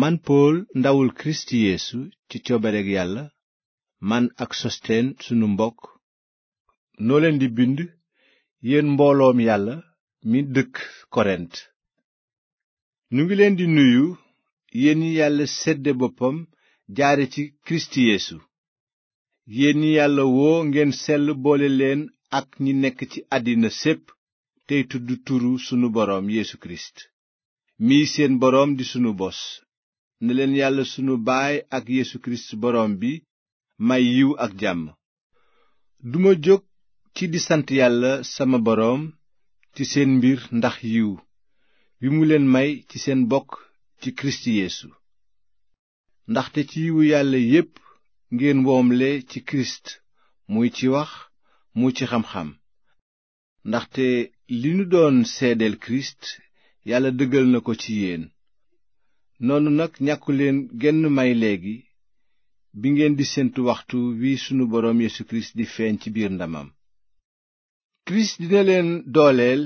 man pool ndawul kirist yéesu ci coobareg yàlla man ak sosteen sunu mbokk noo leen di bind yéen mbooloom yàlla mi dëkk korent ñu ngi leen di nuyu yéen ñi yàlla sedde boppam jaare ci kirist yéesu yéen ñi yàlla woo ngeen sell boole leen ak ñi nekk ci àddina sépp tey tudd turu sunu boroom yéesu kirist mii seen boroom di sunu bos na leen yàlla sunu baay ak Yesu kirist boroom bi may yiw ak jàmm duma jóg ci di sant yàlla sama boroom ci seen mbir ndax yiw bi mu leen may ci seen bokk ci kirist Yesu ndaxte ci yiwu yàlla yépp ngeen woomle ci kirist muy ci wax mu ci xam-xam ndaxte li nu doon seedeel kirist yàlla dëggal na ko ci yéen noonu nag leen genn may léegi bi ngeen di séentu waxtu wi sunu boroom Yesu kirist di feeñ ci biir ndamam kirist dina leen dooleel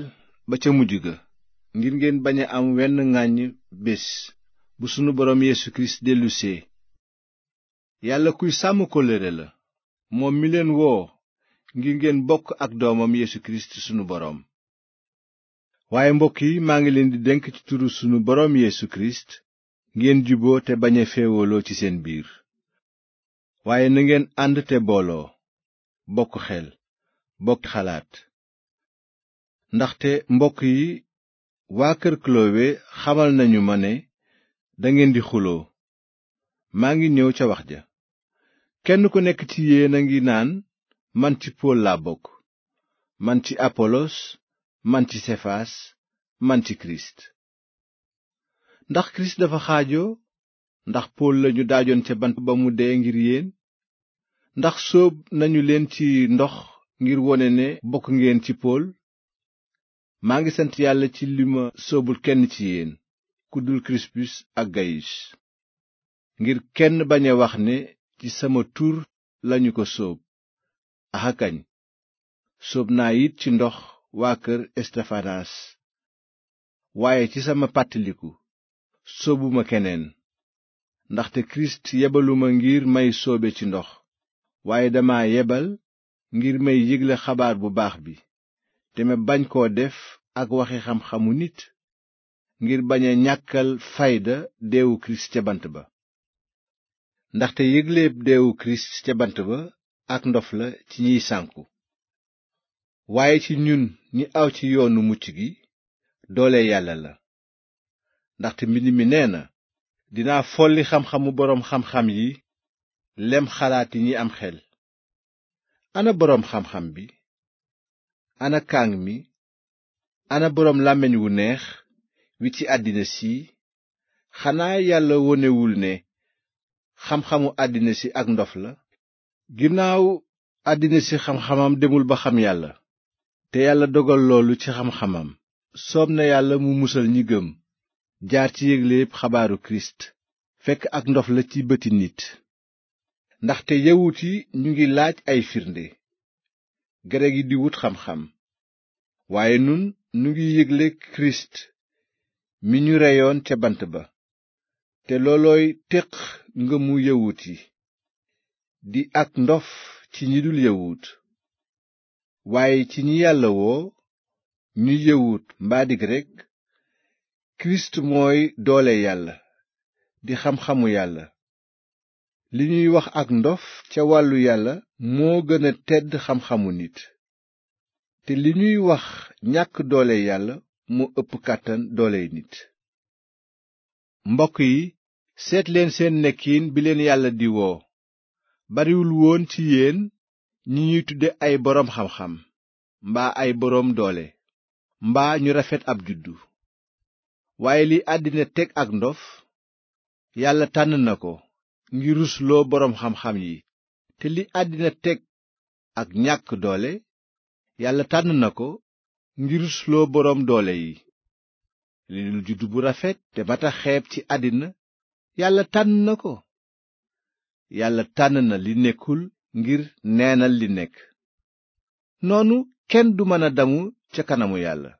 ba ca mujj ga ngir ngeen bañ a am wenn ŋàññ bés bu sunu boroom Yesu kirist dellusee yàlla kuy sàmm kóllëre la moom mi leen woo ngir ngeen bokk ak doomam Yesu kirist sunu boroom waaye mbokk yi maa ngi leen di denk ci turu sunu boroom Yesu kirist ngeen juboo bañ a féewaloo ci seen biir waaye na ngeen ànd te booloo bokk xel bokk xalaat ndaxte mbokk yi waa kër Klowe xamal nañu ma ne dangeen di xuloo maa ngi ñëw ca wax ja kenn ku nekk ci yéen a ngi naan man ci Pool laa bokk man ci Apolos man ci Sefaas man ci Kirist ndax kirist dafa xaajoo ndax pool lañu daajoon ca bant ba mu dee ngir yéen ndax sóob nañu leen ci ndox ngir wone ne bokk ngeen ci pool maa ngi sant yàlla ci li ma sóobul kenn ci yéen ku dul kirispus ak gayus ngir kenn bañ wax ne ci sama tur lañu ko sóob axakañ sóob naa it ci ndox waa kër estefanas waaye ci sama pàttaliku sóobuma keneen ndaxte kirist yebaluma ngir may soobe ci ndox waaye dama yebal ngir may yégle xabaar bu baax bi te ma bañ koo def ak waxi xam-xamu nit ngir bañ a ñàkkal fayda deewu kirist ca bant ba ndaxte yégleeb deewu kirist ca bant ba ak ndof la ci ñiy sànku waaye ci ñun ñi aw ci yoonu mucc gi doole yàlla la ndaxte mbind mi nee na dinaa folli xam-xamu boroom xam-xam yi lem xalaat yi ni am xel ana boroom xam-xam bi ana kàng mi ana boroom làmmiñ wu neex wi ci àddina si xanaa yàlla wonewul ne xam-xamu àddina si ak ndof la ginnaaw àddina si xam-xamam demul ba xam yàlla te yàlla dogal loolu ci xam-xamam soob na yàlla mu musal ñi gëm jaar ci yëgleeb xabaaru kirist fekk ak ndof la ci bëti nit ndaxte yawut yi ñu ngi laaj ay firnde greg yi di wut xam-xam waaye nun nu ngi yëgle kirist mi ñu reyoon ca bant ba te loolooy téq ngëmu yawut yi di ak ndof ci ñi dul yawut waaye ci ñi yàlla woo ñu yawut mbaa di grek kirist mooy doole yàlla di xam-xamu yàlla li ñuy wax ak ndof ca wàllu yàlla moo gën a tedd xam-xamu nit te li ñuy wax ñàkk doole yàlla mu ëpp kàttan doole nit mbokk yi seet seen nekkin bi leen yàlla di woo bariwul woon ci yéen ñi ñuy tudde ay boroom xam-xam mbaa ay boroom doole mbaa ñu rafet ab juddu waaye li àddina teg ak ndof yàlla tànn na ko ngir rusloo boroom xam-xam yi te li àddina teg ak ñàkk doole yàlla tànn na ko ngir rusloo boroom doole yi li dul juddu bu rafet te mata ci àddina yàlla tànn na ko yàlla tànn na li nekkul ngir neenal li nekk noonu kenn du mën a damu ca kanamu yàlla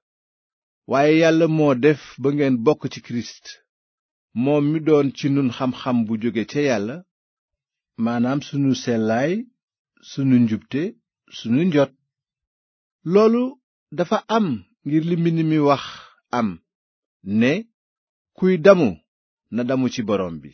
waaye yàlla moo def ba ngeen bokk ci kirist moom mi doon ci nun xam-xam bu jóge ca yàlla maanaam sunu sellaay sunu njubte sunu njot loolu dafa am ngir li mbind mi wax am ne kuy damu na damu ci borom bi